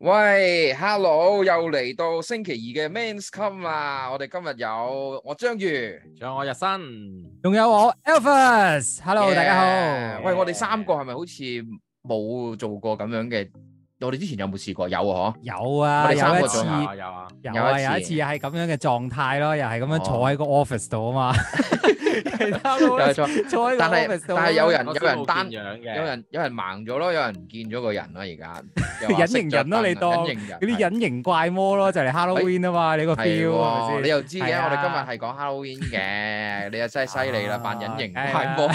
喂，Hello，又嚟到星期二嘅 Men’s Come 啦！我哋今日有我章魚，仲有我日新，仲有我 Alphas。Hello，yeah, 大家好。Yeah. 喂，我哋三個係咪好似冇做過咁樣嘅？我哋之前有冇試過？有啊，有啊，有啊。有，有啊，有一次又係咁樣嘅狀態咯，又係咁樣坐喺個 office 度啊嘛。 其他但係但係有人有人單嘅，有人有人盲咗咯，有人唔見咗個人咯，而家隱形人咯，你當隱形人嗰啲隱形怪魔咯，就嚟 Halloween 啊嘛，你個 feel，你又知嘅，我哋今日係講 Halloween 嘅，你又真係犀利啦，扮隱形怪魔，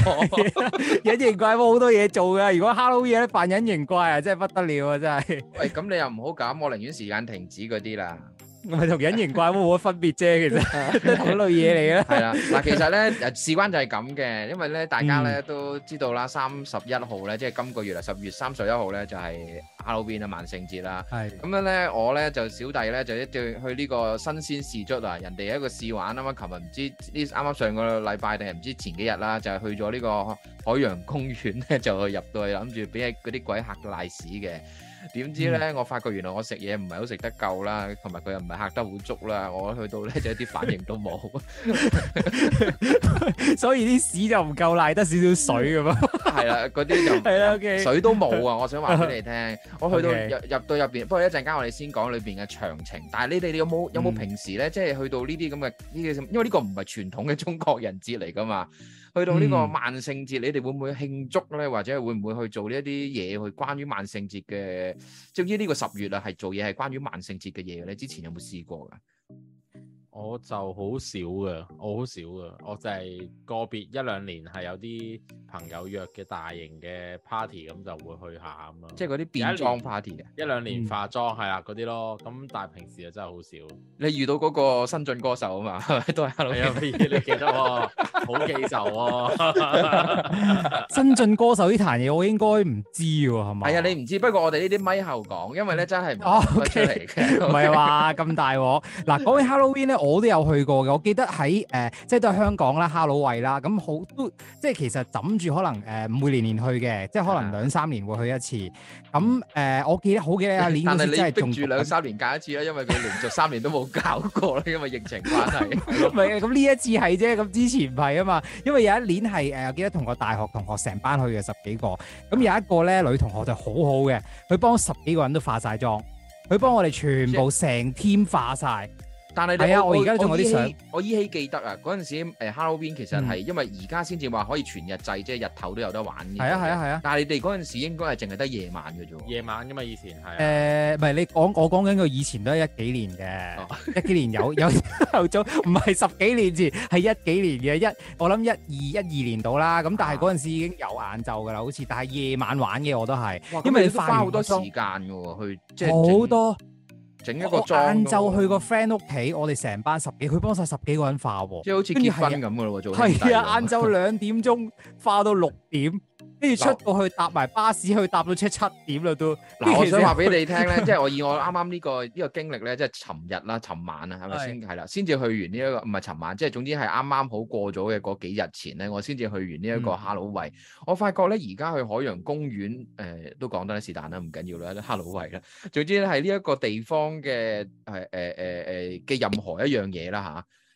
隱形怪魔好多嘢做噶。如果 Halloween 呢扮隱形怪啊，真係不得了啊，真係。喂，咁你又唔好咁，我寧願時間停止嗰啲啦。唔係同隱形怪巫冇乜分別啫，其實嗰類嘢嚟嘅。係啦，嗱，其實咧誒事關就係咁嘅，因為咧大家咧都知道啦，三十一號咧即係今個月啊，十月三十一號咧就係 Halloween 啊萬聖節啦。係咁樣咧，我咧就小弟咧就一定去呢個新鮮試足啊，人哋有一個試玩啊嘛。琴日唔知呢啱啱上個禮拜定係唔知前幾日啦，就係去咗呢個海洋公園咧，就去入對啦，諗住俾嗰啲鬼嚇瀨屎嘅。點知咧，嗯、我發覺原來我食嘢唔係好食得夠啦，同埋佢又唔係吓得好足啦，我去到咧就一啲反應都冇，所以啲屎就唔夠瀨得少少水咁 啊，係啦，嗰啲就係啦，水都冇啊，我想話俾你聽， Okay. 我去到入入到入邊，不過一陣間我哋先講裏邊嘅詳情，但係你哋你有冇有冇平時咧，即係去到呢啲咁嘅呢啲，因為呢個唔係傳統嘅中國人節嚟噶嘛。去到呢個萬聖節，你哋會唔會慶祝呢？或者會唔會去做呢一啲嘢去關於萬聖節嘅？至於呢個十月啊，係做嘢係關於萬聖節嘅嘢咧，之前有冇試過㗎？我就好少噶，我好少噶，我就係個別一兩年係有啲朋友約嘅大型嘅 party 咁就會去下咁咯。即係嗰啲變裝 party 啊！一兩年，年化妝係啦嗰啲咯，咁但係平時啊真係好少。你遇到嗰個新晉歌手啊嘛，都係 Halloween 啊，你你記得喎，好記仇喎。新晉歌手呢壇嘢我應該唔知喎，係咪？係啊，你唔知。不過我哋呢啲咪後講，因為咧真係唔得出嚟嘅，唔係話咁大鑊。嗱，講起 Halloween 咧。我都有去過嘅，我記得喺誒、呃，即係都係香港啦，哈佬喂啦，咁好都即係其實枕住可能誒，唔、呃、會年年去嘅，即係可能兩三年會去一次。咁誒、呃，我記得好嘅，阿年真係同住兩三年搞一次啦，因為佢連續三年都冇搞過啦， 因為疫情關係。唔咁呢一次係啫，咁之前唔係啊嘛，因為有一年係誒，我記得同個大學同學成班去嘅十幾個，咁有一個咧女同學就好好嘅，佢幫十幾個人都化晒妝，佢幫我哋全部成 天化晒。但係你係啊！我而家仲有啲相，我依稀記得啊！嗰陣時、呃、Halloween 其實係因為而家先至話可以全日制，即係日頭都有得玩。係啊，係啊，係啊！但係你哋嗰陣時應該係淨係得夜晚嘅啫喎。夜晚㗎嘛，以前係誒，唔係、啊呃、你講我講緊佢以前都係一幾年嘅，哦、一幾年有有有早，唔係 十幾年前係一幾年嘅一，我諗一二一二年到啦。咁、啊、但係嗰陣時已經有晏晝㗎啦，好似，但係夜晚玩嘅我都係，因為都花好多時間嘅喎去即係好多。整一個裝。我晏晝去個 friend 屋企，我哋成班十幾，佢幫曬十幾個人化，即係好似結婚咁樣咯喎，做兄弟。係啊，晏晝兩點鐘化到六點。跟住出到去搭埋巴士，去搭到車七點啦都。嗱，我想話俾你聽咧， 即係我以我啱啱呢個呢、這個經歷咧，即係尋日啦、尋晚啦，係咪是先係啦？先至去完呢、這、一個，唔係尋晚，即係總之係啱啱好過咗嘅嗰幾日前咧，我先至去完呢一個 Halloween 我發覺咧，而家去海洋公園誒、呃，都講得是但啦，唔緊要啦 Halloween 啦。總之咧，係呢一個地方嘅誒誒誒誒嘅任何一樣嘢啦吓。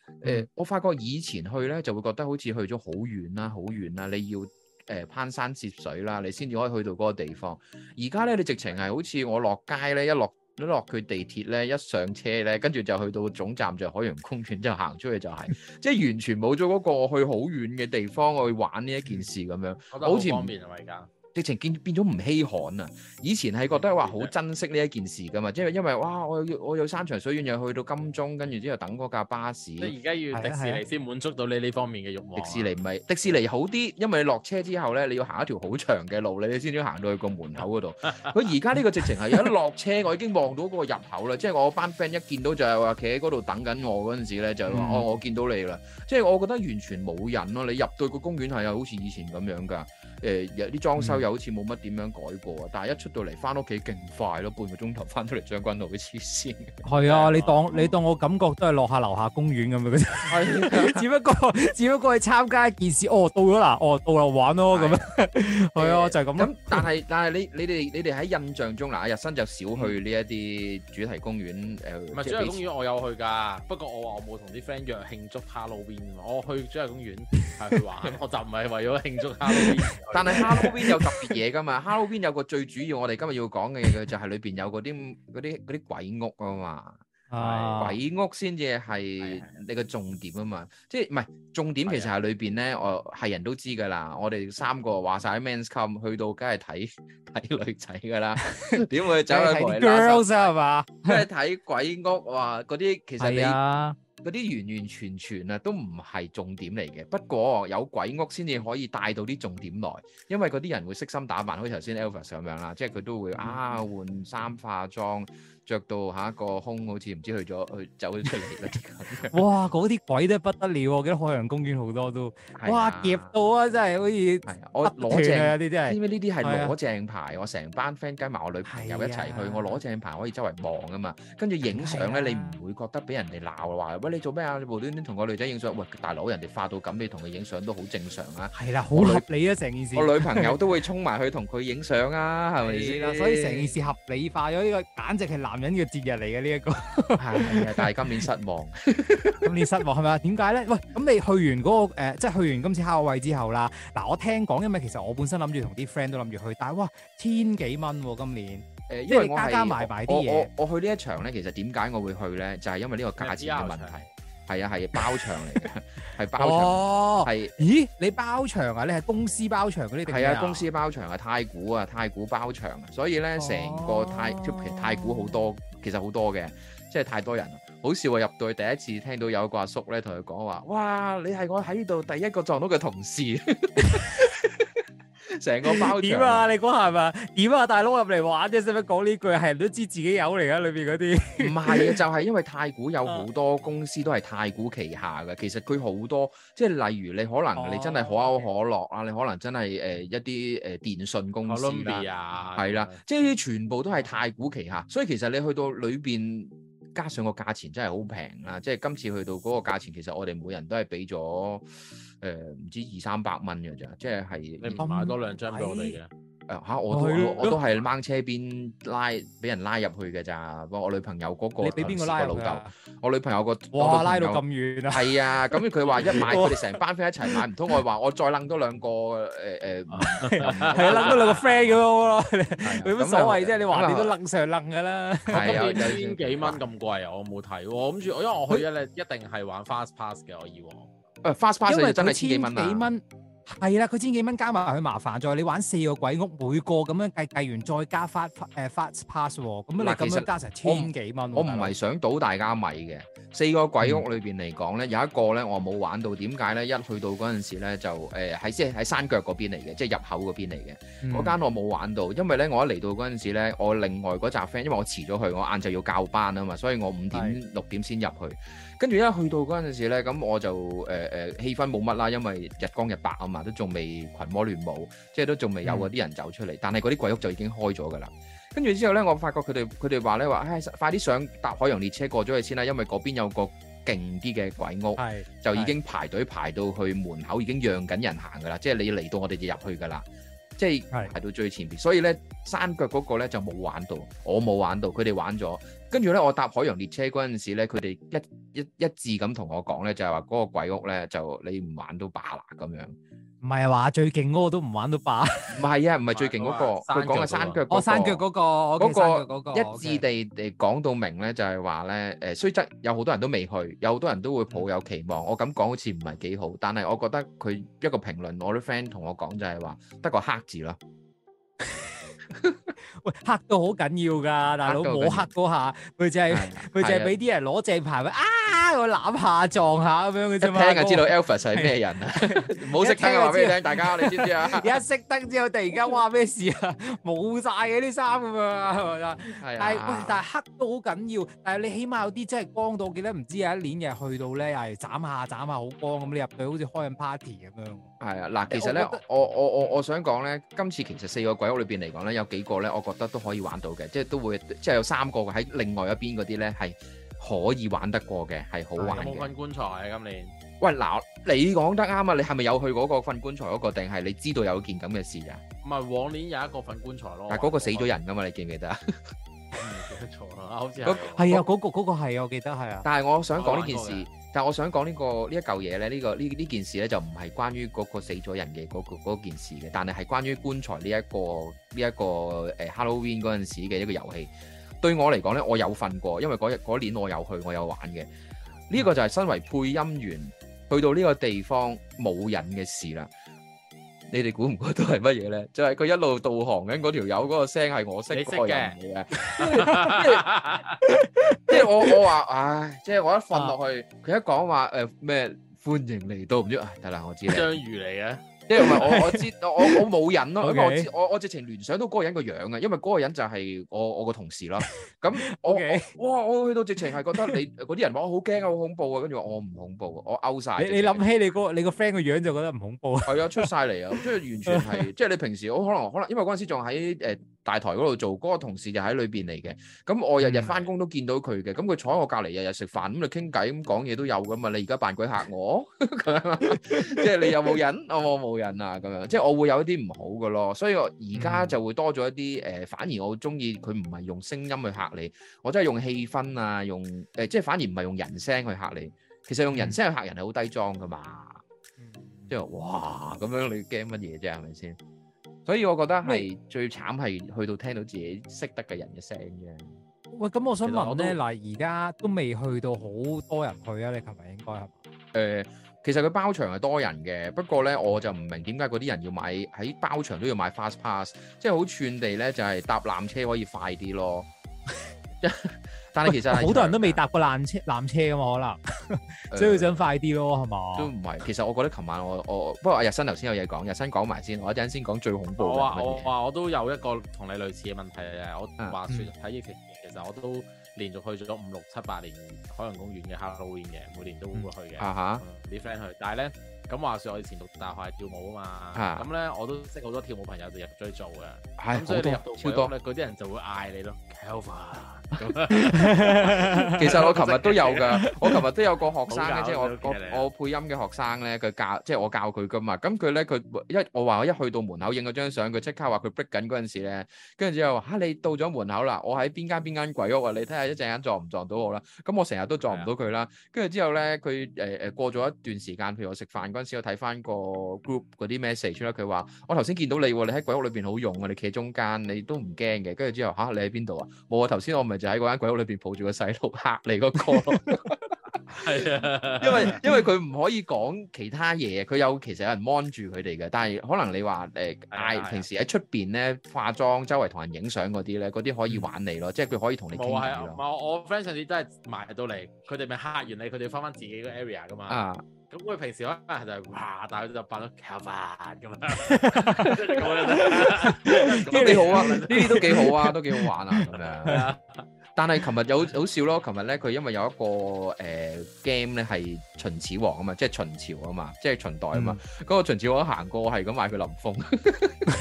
誒、呃嗯呃，我發覺以前去咧就會覺得好似去咗好遠啦，好遠啦，你要。誒、嗯、攀山涉水啦，你先至可以去到嗰個地方。而家咧，你直情係好似我落街咧，一落一落佢地鐵咧，一上車咧，跟住就去到總站就海洋公園，之後行出去就係、是， 即係完全冇咗嗰個我去好遠嘅地方我去玩呢一件事咁、嗯、樣、啊、好似。方便係咪㗎？直情見變咗唔稀罕啊！以前係覺得話好珍惜呢一件事噶嘛，即係因為因為哇，我我有山長水遠又去到金鐘，跟住之後等嗰架巴士。你而家要迪士尼先、啊啊、滿足到你呢方面嘅欲望、啊迪。迪士尼唔係迪士尼好啲，因為你落車之後咧，你要行一條好長嘅路，你先至行到去個門口嗰度。佢而家呢個直情係一落車，我已經望到嗰個入口啦。即係 我班 friend 一見到就係話企喺嗰度等緊我嗰陣時咧，就話、嗯、哦，我見到你啦。即係我覺得完全冇人咯，你入到個公園係好似以前咁樣噶。誒有啲裝修又好似冇乜點樣改過啊，但係一出到嚟翻屋企勁快咯，半個鐘頭翻出嚟將軍澳嘅黐線。係啊，你當你當我感覺都係落下樓下公園咁樣嘅啫。係，只不過只不過係參加一件事。哦，到咗啦，哦，到啦玩咯咁樣。係啊，就係咁咯。咁但係但係你你哋你哋喺印象中嗱，日新就少去呢一啲主題公園誒。唔係主題公園，我有去㗎，不過我話我冇同啲 friend 約慶祝 Halloween。我去主題公園係去玩，我就唔係為咗慶祝 Halloween。 但係 Halloween 有特別嘢噶嘛 Halloween 有個最主要我哋今日要講嘅嘢，就係裏邊有嗰啲啲啲鬼屋啊嘛、uh，鬼屋先至係你個重點啊嘛。Uh，即係唔係重點？其實係裏邊咧，uh，我係人都知噶啦。我哋三個話晒啲 men come 去到，梗係睇睇女仔噶啦。點、uh, 會走去睇 girls 啊？係、uh, uh，嘛？即係睇鬼屋哇！嗰啲其實你。Uh, uh, 嗰啲完完全全啊，都唔係重點嚟嘅。不過有鬼屋先至可以帶到啲重點來，因為嗰啲人會悉心打扮，好似頭先 Elva 咁樣啦，即係佢都會啊換衫化妝。著到下一個空，好似唔知去咗去走咗出嚟啦！哇，嗰啲鬼都不得了，我記得海洋公園好多都，哇夾到啊！真係好似我攞正嗰啲，真係因為呢啲係攞正牌。我成班 friend 跟埋我女朋友一齊去，我攞正牌可以周圍望啊嘛。跟住影相咧，你唔會覺得俾人哋鬧話喂你做咩啊？你無端端同個女仔影相，喂，大佬，人哋化到咁，你同佢影相都好正常啦。係啦，好合理啊！成件事我女朋友都會衝埋去同佢影相啊，係咪先啦？所以成件事合理化咗呢個，簡直係難。男人嘅節日嚟嘅呢一個、 啊，係但係今， 今年失望，今年失望係咪啊？點解咧？喂，咁你去完嗰、那個、呃、即係去完今次哈囉喂之後啦。嗱，我聽講，因為其實我本身諗住同啲 friend 都諗住去，但係哇，千幾蚊喎今年。誒，因為加加埋埋啲嘢。我去呢一場咧，其實點解我會去咧？就係、是、因為呢個價錢嘅問題。係啊，係包場嚟嘅，係包場，係、哦，是咦你包場啊？你係公司包場嗰啲定係？係啊，公司包場啊，太古啊，太古包場、啊，所以咧成個太，哦、太古好多，其實好多嘅，即係太多人，好笑啊！入到去，第一次聽到有一個阿叔咧同佢講話，哇！你係我喺呢度第一個撞到嘅同事。 成個包場點啊！你講係咪啊？點啊！大佬入嚟玩啫，使乜講呢句？係人都知自己有嚟啊！裏邊嗰啲唔係啊，就係、是、因為太古有好多公司都係太古旗下嘅。其實佢好多即係例如你可能你真係可口可樂啊，哦、你可能真係誒一啲誒電信公司啊。係啦，即係呢啲全部都係太古旗下。所以其實你去到裏邊，加上個價錢真係好平啦，即係今次去到嗰個價錢，其實我哋每人都係畀咗誒唔知二三百蚊嘅咋，即係係你唔買多兩張俾我哋嘅？哎吓我都我都係掹車邊拉，俾人拉入去嘅咋？不過我女朋友嗰個俾邊個拉個老豆，我女朋友個哇拉到咁遠啊！係啊，咁佢話一買佢哋成班 friend 一齊買唔通，我話我再掟多兩個誒誒，係啊，掟多兩個 friend 咁咯，你有乜所謂啫？你話你都掟上掟噶啦，係啊，千幾蚊咁貴啊！我冇睇，我諗住因為我去咗，咧一定係玩 fast pass 嘅，我以往誒 fast pass 就真係千幾蚊啊。係啦，佢千幾蚊加埋佢麻煩咗。你玩四個鬼屋，每個咁樣計，計完再加發誒 fast pass 咁咁你咁樣加成千幾蚊。我唔係想賭大家米嘅。四個鬼屋裏邊嚟講呢，有一個呢我冇玩到，點解呢？一去到嗰陣時咧，就誒喺即係喺山腳嗰邊嚟嘅，即係入口嗰邊嚟嘅。嗰、嗯、間我冇玩到，因為呢我一嚟到嗰陣時咧，我另外嗰扎 friend，因為我遲咗去，我晏晝要教班啊嘛，所以我五點是六點先入去。跟住一去到嗰陣時咧，咁我就誒誒、呃、氣氛冇乜啦，因為日光日白啊嘛，都仲未群魔亂舞，即係都仲未有嗰啲人走出嚟。嗯、但係嗰啲鬼屋就已經開咗噶啦。跟住之後呢，我發覺佢哋佢哋話呢：「話，唉，快啲上搭海洋列車過咗去先啦，因為嗰邊有個勁啲嘅鬼屋，是就已經排隊排到去門口是已經讓緊人行噶啦，即係你嚟到我哋就入去噶啦，即係排到最前邊。所以呢，山腳嗰個呢就冇玩到，我冇玩到，佢哋玩咗。跟住呢，我搭海洋列車嗰陣時呢，佢哋一一一,一致咁同我講呢，就係話嗰個鬼屋呢，就你唔玩都罷啦咁樣。唔係話最勁嗰個都唔玩到霸，唔係 啊，唔係最勁嗰、那個，佢講嘅山腳嗰、那個，哦、山腳嗰、那個，嗰個一致地嚟講到明咧，就係話咧，誒，雖則有好多人都未去，有好多人都會抱有期望，嗯、我咁講好似唔係幾好，但係我覺得佢一個評論，我啲 friend 同我講就係話，得個黑字咯。喂， 黑到好緊要噶，大佬冇黑嗰下，佢就係佢就係俾啲人攞正牌，啊，我攬下撞下咁樣嘅啫嘛。聽就知道 Elvis 係咩人啦，唔好是的 熄燈話俾你聽， 大家你知唔知啊？一熄燈之後，突然間哇咩事啊？冇晒嘅啲衫啊，係咪的 但係黑到好緊要，但係你起碼有啲真係光到，記得唔知有一年又去到咧，又斬下斬下好光咁，你入去好似開緊 party 咁樣。係啊，嗱，其實咧，我我我我想講咧，今次其實四個鬼屋裏邊嚟講咧。有幾個咧，我覺得都可以玩到嘅，即係都會，即係有三個喺另外一邊嗰啲咧係可以玩得過嘅，係好玩嘅。瞓棺材啊！今年喂嗱，你講得啱啊！你係咪有去嗰個瞓棺材嗰個，定係你知道有件咁嘅事啊？唔係，往年有一個瞓棺材咯。但係嗰個死咗人噶嘛？你記唔記得啊？我唔記得咗啦，好似係係啊，嗰個嗰個係啊，我記得係啊。但係我想講呢件事。但我想講、這個這個、呢、這個呢一嚿嘢咧，呢個呢呢件事咧就唔係關於嗰個死咗人嘅嗰、那個、件事嘅，但係係關於棺材呢、這、一個呢一、這個誒 Halloween 陣陣時嘅一個遊戲。對我嚟講咧，我有瞓過，因為嗰日嗰年我有去，我有玩嘅。呢、這個就係身為配音員去到呢個地方冇人嘅事啦。你哋估唔估到係乜嘢呢？就係、是、佢一路導航緊嗰條友嗰個聲係我識嘅，即係我我話唉，即、就、係、是、我一瞓落去，佢、啊、一講話咩、呃、歡迎嚟到，唔知啊得啦，我知啦，章魚嚟嘅。 即係我我知我我冇忍咯，我我我直情聯想到嗰個人個樣啊，因為嗰 Okay. 個，個人就係我我個同事啦。咁我哇 Okay. 我去到直情係覺得你嗰啲 人話我好驚啊，好恐怖啊，跟住我唔恐怖，我勾晒。你你諗起你個你個 friend 個樣就覺得唔恐怖。係啊、那個，出晒嚟啊，即係完全係，即係 你平時好可能可能，因為嗰陣時仲喺誒。呃大台嗰度做，嗰、那個同事就喺裏邊嚟嘅。咁我日日翻工都見到佢嘅。咁佢、嗯、坐喺我隔離日日食飯，咁嚟傾偈，咁講嘢都有噶嘛。你而家扮鬼嚇我，即 係 你有冇癮？我冇癮啊，咁樣即係我會有一啲唔好嘅咯。所以我而家就會多咗一啲誒、嗯呃，反而我中意佢唔係用聲音去嚇你，我真係用氣氛啊，用誒、呃，即係反而唔係用人聲去嚇你。其實用人聲去嚇人係好低裝噶嘛，嗯、即係哇咁樣你驚乜嘢啫？係咪先？所以我覺得係最慘係去到聽到自己識得嘅人嘅聲嘅。喂，咁我想問咧，嗱，而家都未去到好多人去啊，你琴日應該係。誒、呃，其實佢包場係多人嘅，不過咧我就唔明點解嗰啲人要買喺包場都要買 fast pass，即係好串地咧就係搭纜車可以快啲咯。 但係其實好多人都未搭過纜車，纜車㗎嘛，可能 所以想快啲咯，係嘛、呃？吧都唔係，其實我覺得琴晚我我不過阿日新頭先有嘢講，日新講埋先，我一陣先講最恐怖嘅。我話我都有一個同你類似嘅問題啊！我話説睇疫情期，其實我都連續去咗五六七八年海洋公園嘅 Halloween 嘅，每年都會去嘅。啊哈、嗯！啲 friend 去，啊、但係咧。咁話説我以前讀大學係跳舞啊嘛，咁咧、啊、我都識好多跳舞朋友，就入咗去做嘅。係好多超多，嗰啲人就會嗌你咯。k 其實我琴日都有㗎， 我琴日都有個學生咧，即係 我 我，我配音嘅學生咧，佢教即係、就是、我教佢㗎嘛。咁佢咧佢一我話我一去到門口影咗張相，佢即刻話佢 break 緊嗰陣時咧，跟住之後話嚇你到咗門口啦，我喺邊間邊間鬼屋啊？你睇下一陣間撞唔撞到我啦？咁我成日都撞唔到佢啦。跟住的之後咧，佢誒誒過咗一段時間，譬如我食飯。嗰陣時我睇翻個 group 嗰啲 message 啦，佢話我頭先見到你，你喺鬼屋裏邊好勇啊，你企喺中間你都唔驚嘅，跟住之後嚇你喺邊度啊？冇啊，頭先我咪就喺嗰間鬼屋裏邊抱住個細路嚇你嗰、嗰個。 係是啊， 因為因為佢唔可以講其他嘢，佢有其實有人望住佢哋嘅，但係可能你話誒，欸啊、平時喺出邊咧化妝，周圍同人影相嗰啲咧，嗰啲可以玩你咯，即係佢可以同你傾偈咯。唔係，我 friend 上次都係埋到嚟，佢哋咪吓完你，佢哋翻翻自己個 area 噶嘛。啊！咁佢平時可能就是、哇，但佢就扮到 cover 咁樣。都幾好啊，呢啲都幾好啊，都幾好玩啊，真係。但係琴日有好笑咯。琴日咧佢因為有一個誒、呃、game 咧係秦始皇啊嘛，即係秦朝啊嘛，即係秦代啊嘛，嗰個秦始皇行過係咁話佢林峯。嗯、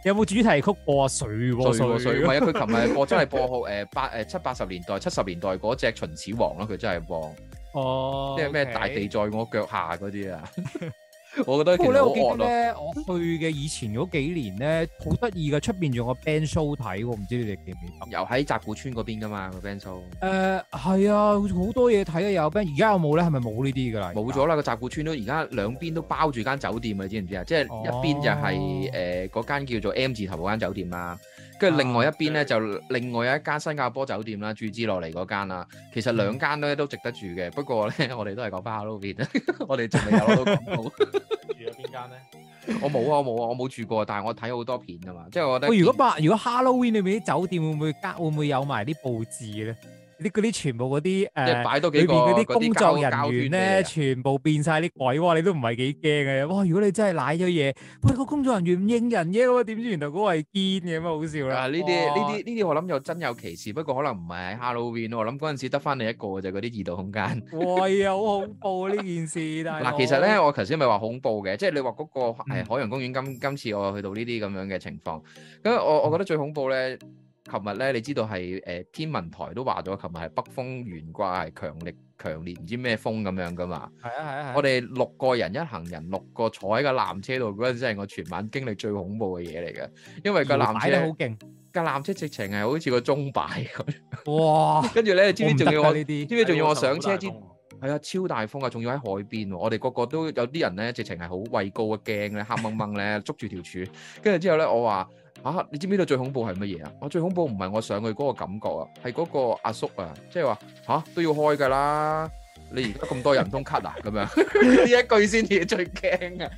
有冇主題曲播啊？誰啊？誰、啊？誰、啊？因為佢琴日播 真係播好誒八誒七八十年代七十年代嗰隻秦始皇咯，佢真係播哦，即係咩 okay. 大地在我腳下嗰啲啊！ 我覺得其實咧，我記得咧，我去嘅以前嗰幾年咧，好得意嘅，出邊仲有 band show 睇喎，唔知你哋記唔記得又雜、呃啊？又喺集古村嗰邊噶嘛個 band show？誒係啊，好多嘢睇啊有 band。而家有冇咧？係咪冇呢啲噶啦？冇咗啦，個集古村都而家兩邊都包住間酒店啊！你知唔知啊？即係、哦、一邊就係誒嗰間叫做 M 字頭嗰間酒店啊！跟住另外一邊咧，啊就是、就另外有一間新加坡酒店啦，住之落嚟嗰間啦。其實兩間咧都值得住嘅，嗯、不過咧我哋都係講返 Halloween，我哋仲未有到咁好。住咗邊間咧？我冇啊，我冇啊，我冇住過，但係我睇好多片啊嘛，即係我覺得。如果《八》如果 Halloween 裏面啲酒店會唔會加會唔會有埋啲佈置咧？啲嗰啲全部嗰啲誒，裏邊嗰啲工作人員咧，啊、全部變晒啲鬼喎，你都唔係幾驚嘅。哇！如果你真係攋咗嘢，喂個工作人員唔應人嘅喎，點知原來嗰個係堅嘅咁好笑啦。呢啲呢啲呢啲，哇我諗又真有其事，不過可能唔係喺 Halloween。我諗嗰陣時得翻你一個就嗰啲異度空間。喂，又、欸、好恐怖呢 件事，但係嗱，其實咧，我頭先咪話恐怖嘅，即、就、係、是、你話嗰個海洋公園今、嗯、今次我又去到呢啲咁樣嘅情況。咁我我覺得最恐怖咧。嗯琴日咧，你知道係誒天文台都話咗，琴日係北風懸掛，係強力強烈，唔知咩風咁樣㗎嘛？係啊係啊係！我哋六個人一行人六個坐喺個纜車度嗰陣時，係我全晚經歷最恐怖嘅嘢嚟嘅，因為個纜車好勁，個纜車直情係好似個鐘擺咁。哇！跟住咧，你知唔知仲要我？知唔知仲要我上車先？係啊，超大風啊！仲要喺海邊，我哋個個都有啲人咧，直情係好畏高啊，驚咧，嚇掹掹咧，捉住條柱。跟住之後咧，我話。嚇！你知唔知道最恐怖係乜嘢啊？我最恐怖唔係我上去嗰個感覺啊，係嗰個阿叔啊，即係話嚇都要開噶啦！你而家咁多人通卡啊，咁樣呢一句先至最驚啊！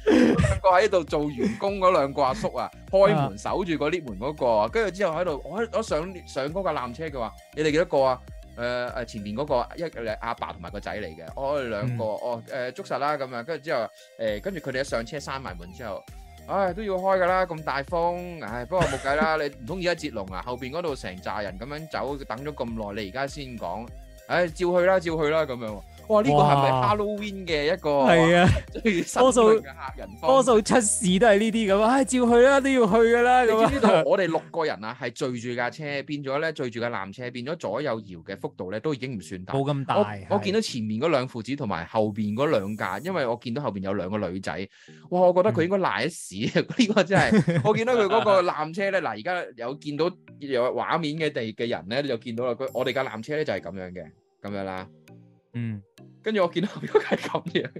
我喺度做員工嗰兩個阿叔啊，開門守住嗰 lift 門嗰個，跟住之後喺度，我我上上嗰架纜車，嘅話，你哋幾多個啊？誒誒前面嗰個一阿阿爸同埋個仔嚟嘅，我哋兩個，我誒捉實啦咁樣，跟住之後誒，跟住佢哋一上車閂埋門之後。唉都要開㗎啦，咁大風，唉不過冇計啦， 你唔通而家接龍啊？後面嗰度成扎人咁樣走，等咗咁耐，你而家先講，唉照去啦，照去啦咁樣。哇！呢、這個係咪 Halloween 嘅一個？係啊哇，多數客人多數出事都係呢啲咁啊！照去啦，都要去噶啦你知，唔知道我哋六個人啊，係聚住架車，變咗咧聚住架纜車，變咗左右搖嘅幅度咧，都已經唔算大，冇咁大。我，是我見到前面嗰兩父子同埋後邊嗰兩架，因為我見到後邊有兩個女仔，哇！我覺得佢應該瀨一屎，呢、嗯、 個真係我見到佢嗰個纜車咧。嗱，而家有見到畫的的有畫面嘅地嘅人咧，就見到啦。佢我哋架纜車咧就係咁樣嘅，咁樣啦。嗯，跟住我見到佢係咁樣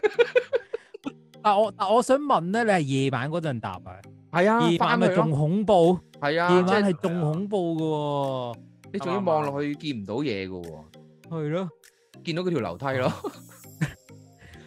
但，但係我但我想問咧，你係夜晚嗰陣答啊？係啊，夜晚咪仲恐怖？係啊，夜晚係仲恐怖噶，啊、你仲要望落去見唔到嘢噶、啊？係咯、啊，見到嗰條樓梯咯、 嗯。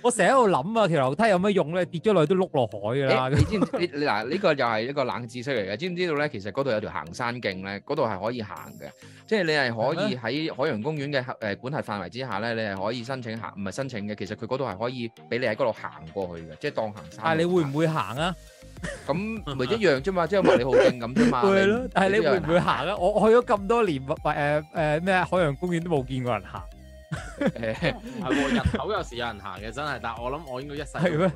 我成日喺度諗啊，條樓梯有咩用咧？跌咗落去都碌落海噶啦、欸！你知唔知？ 嗱、這、呢個又係一個冷知識嚟嘅，知唔知道咧？其實嗰度有條行山徑咧，嗰度係可以行嘅，即係你係可以喺海洋公園嘅誒管轄範圍之下咧，你係可以申請行，唔係申請嘅，其實佢嗰度係可以俾你喺嗰度行過去嘅，即係當行山。但係你會唔會行啊？咁唔行 一樣啫嘛，即係話你好勁咁啫嘛。但係你會唔會行啊？行，我去咗咁多年，誒誒咩海洋公園都冇見過人行。誒，係喎，入口有時有人行嘅，真係。但係我諗我應該一世都冇行。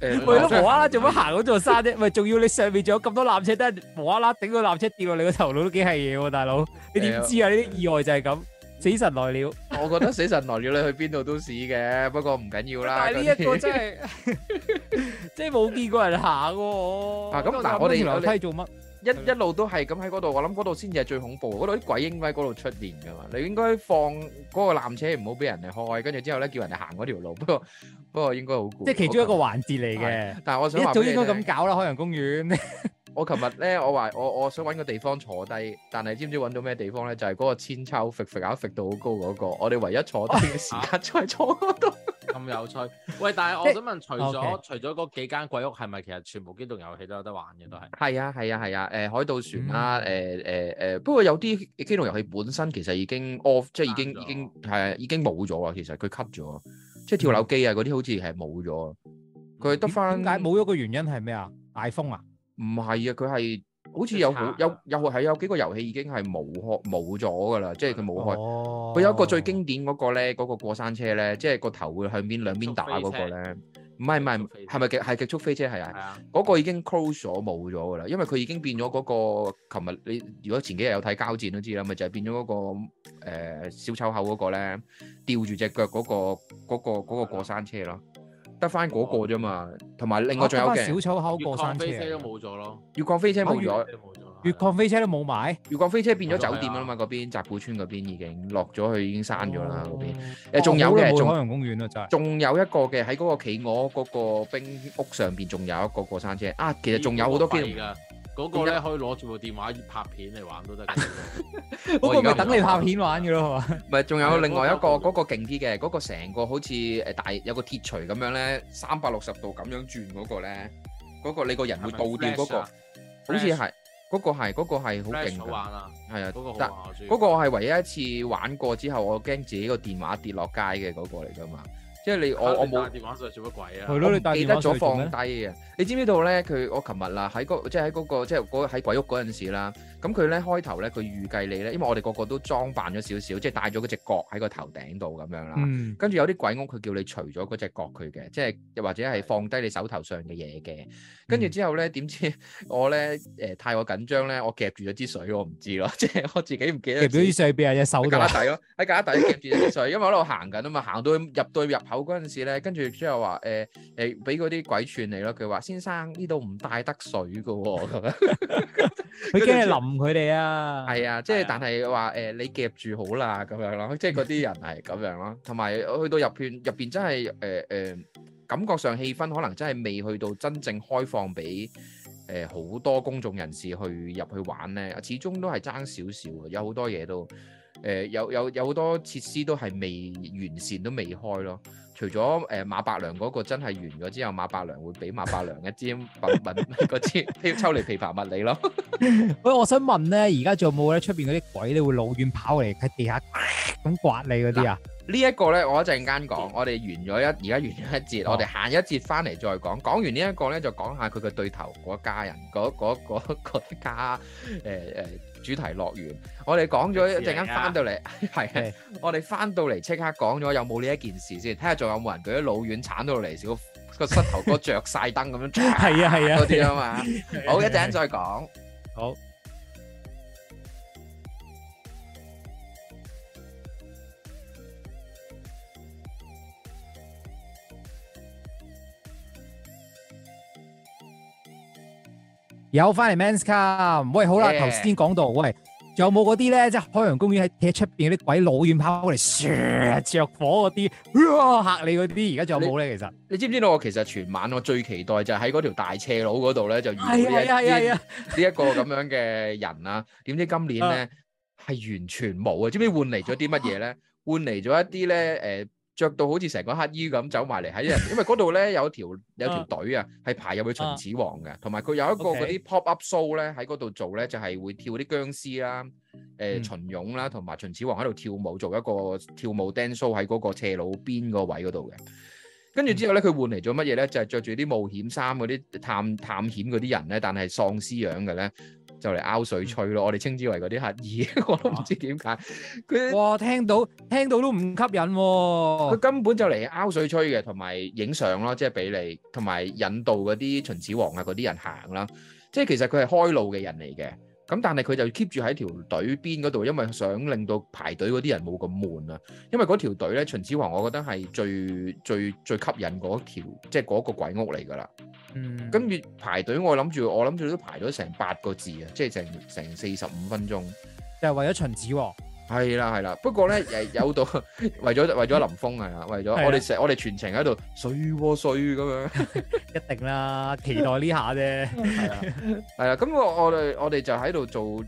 誒，為咗無啦啦做乜行嗰座山啫？咪仲要你上面仲有咁多纜車，得無啦啦頂個纜車跌落你個頭腦都幾係嘢喎，大佬！你點知啊？呢啲意外就係咁，死神來了。我覺得死神來了，你去邊度都死嘅。不過唔緊要啦。但係呢一個真係，即係冇見過人行。啊，咁嗱，我哋樓梯做乜？一一路都係咁喺嗰度，我諗嗰度先至係最恐怖，嗰度啲鬼應該喺嗰度出現㗎嘛。你應該放嗰個纜車唔好俾人哋開，跟住之後咧叫人哋行嗰條路。不過不過應該好攰，即係其中一個環節嚟嘅。但係我想一早應該咁搞啦，海洋公園。 我琴日咧，我話我我想揾個地方坐低，但係知唔知揾到咩地方咧？就係、是、嗰個千秋揈揈下揈到好高嗰、那個。我哋唯一坐低嘅時間再坐度、啊。 咁有趣，喂！但係我想問，除咗除咗嗰幾間鬼屋，係咪其實全部機動遊戲都有得玩嘅都係？係啊係啊係啊，誒、啊啊呃，海盜船啦、啊，誒誒誒，不過有啲機動遊戲本身其實已經 off，即係已經了已經係、啊、已經冇咗啦。其實佢 cut 咗，即係跳樓機啊嗰啲，好似係冇咗。佢得翻，冇咗個原因係咩啊？iPhone 啊？唔係啊，佢係。好似有好有有係有幾個遊戲已經係冇開冇咗㗎啦，了了的即係佢冇開。佢、哦、有一個最經典嗰個咧，嗰、那個過山車咧，即係個頭會向邊兩邊打嗰個咧，唔係唔係，係咪極係極速飛車係啊？嗰的個已經 close 咗冇咗㗎啦，因為佢已經變咗嗰、那個。琴日你如果前幾日有睇交戰都知啦，咪就係、是、變咗嗰、那個、呃、小丑口嗰個咧，吊住隻腳嗰、那個嗰、那個那個那個過山車囉。得翻嗰個啫嘛，同埋另外仲有嘅、啊、小丑口過山車都冇咗咯，越礦飛車冇咗，越礦飛車都冇埋，越礦，的越礦飛車變咗酒店啊嘛，嗰的邊集古村嗰邊已經落咗去，已經閂咗啦嗰邊。仲有嘅海洋公園啊，就仲、是、有一個嘅喺嗰個企鵝嗰個冰屋上邊，仲有一個過山車啊，其實仲有好多機嗰個咧可以攞住部電話拍片嚟玩都得，嗰 個咪等你拍片玩嘅咯，係嘛？唔係，仲有另外一個嗰、 嗰個嗰個勁啲嘅，嗰、嗰個成個好似誒大有個鐵錘咁樣咧，三百六十度咁樣轉嗰、嗰個咧，嗰、嗰個你個人會倒掉嗰、嗰個，好似係嗰個係嗰個係好勁嘅，係啊，嗰、嗰個得嗰個我係唯一一次玩過之後，我驚自己個電話跌落街嘅嗰個嚟㗎嘛。即係你我、啊、我冇帶電話上去做乜鬼啊！係咯了，你記得咗放低嘅？你知唔知道咧？佢我琴日啦，喺即係喺嗰個即係喺鬼屋嗰陣時啦、啊。咁佢咧開頭咧，佢預計你咧，因為我哋個個都裝扮咗少少，即係帶咗嗰隻角喺個頭頂度咁樣啦、啊。跟住、嗯、有啲鬼屋佢叫你除咗嗰隻角佢嘅，即係又或者係放低你手頭上嘅嘢嘅。跟住之後咧，點知我咧誒、呃、太過緊張咧，我夾住咗支水，我唔知咯，即係我自己唔記得。夾咗支水邊係隻手度？底咯，喺隔底夾住咗支水，因為喺度行緊啊嘛，行到入到入。走嗰陣時咧，跟住之後話誒誒，俾嗰啲鬼串嚟咯。佢話：先生呢度唔帶得水噶，佢驚淋佢哋啊。係啊，即係但係話誒，你夾住好啦咁樣咯。即係嗰啲人係咁樣咯。同埋去到入邊入邊，真係誒誒，感覺上氣氛可能真係未去到真正開放俾誒好多公眾人士去入去玩咧。始終都係爭少少嘅，有好多嘢都。誒、呃、有有有好多設施都係未完善，都未開咯。除咗誒、呃、馬伯良嗰個真係完咗之後，馬伯良會俾馬伯良一支物品嗰支，抽離琵琶物理咯。喂，我想問咧，而家仲有冇咧出邊嗰啲鬼咧會老遠跑嚟喺地下咁刮你嗰啲啊？呃這個、呢一個咧，我一陣間講。我哋完咗一，而家完咗一節，哦、我哋下一節翻嚟再講。講完呢一個咧，就講下佢嘅對頭嗰家人，嗰嗰家誒誒。欸欸欸主題樂園，我哋講咗一陣間翻到嚟，係啊， 我哋翻到嚟即刻講咗有冇呢一件事先，睇下仲有冇人嗰啲老遠鏟到嚟，少個膝頭哥着晒燈咁樣，係啊係啊，嗰啲啊嘛，好一陣間再講，好。有翻嚟 men's come，喂，好啦，頭先講到，喂，仲有冇嗰啲咧，即係海洋公園喺踢出邊嗰啲鬼老遠跑嚟，噓着火嗰啲吓你嗰啲，而家仲有冇咧？其實你，你知唔知道？我其實全晚我最期待就喺嗰條大斜路嗰度咧，就遇到呢一,一,一,一個咁樣嘅人啊！點知今年咧係 完全冇啊？知唔知換嚟咗啲乜嘢咧？換嚟咗一啲咧，誒、呃。着到好似成個乞衣咁走埋嚟喺，因為嗰度咧有一條有一條隊啊，係排入去、 就是呃、秦始皇嘅，同埋佢有一個嗰啲 pop up show 咧喺嗰度做咧，就係會跳啲僵屍啦，誒秦俑啦，同埋秦始皇喺度跳舞做一個跳舞 dance show 喺嗰個斜路邊個位嗰度嘅。跟住之後咧，佢換嚟咗乜嘢咧？就係、是、着住啲冒險衫嗰啲探探險嗰啲人咧，但係喪屍樣嘅咧。就嚟拗水吹咯，我哋稱之為嗰啲黑衣， 我都唔知點解佢 哇聽到聽到都唔吸引喎，佢根本就嚟拗水吹嘅，同埋影相咯，即係俾你同埋引導嗰啲秦始皇啊嗰啲人行啦，即係其實佢係開路嘅人嚟嘅。咁但係佢就 keep 住喺條隊邊嗰度，因為想令到排隊嗰啲人冇咁悶啊。因為嗰條隊呢，秦始皇，我覺得係最最最吸引嗰條，即係嗰個鬼屋嚟㗎啦。嗯，跟住排隊我，我諗住我諗住都排咗成八個字啊，即係成成四十五分鐘，就係為咗秦始皇，哦。係啦，係啦，不過咧亦有到， 為咗為咗林峰係啦，為咗的我哋成我哋全程喺度水喎水咁樣， 一定啦，期待呢下啫，係啦的，係啦， 咁我我哋我哋就喺度做，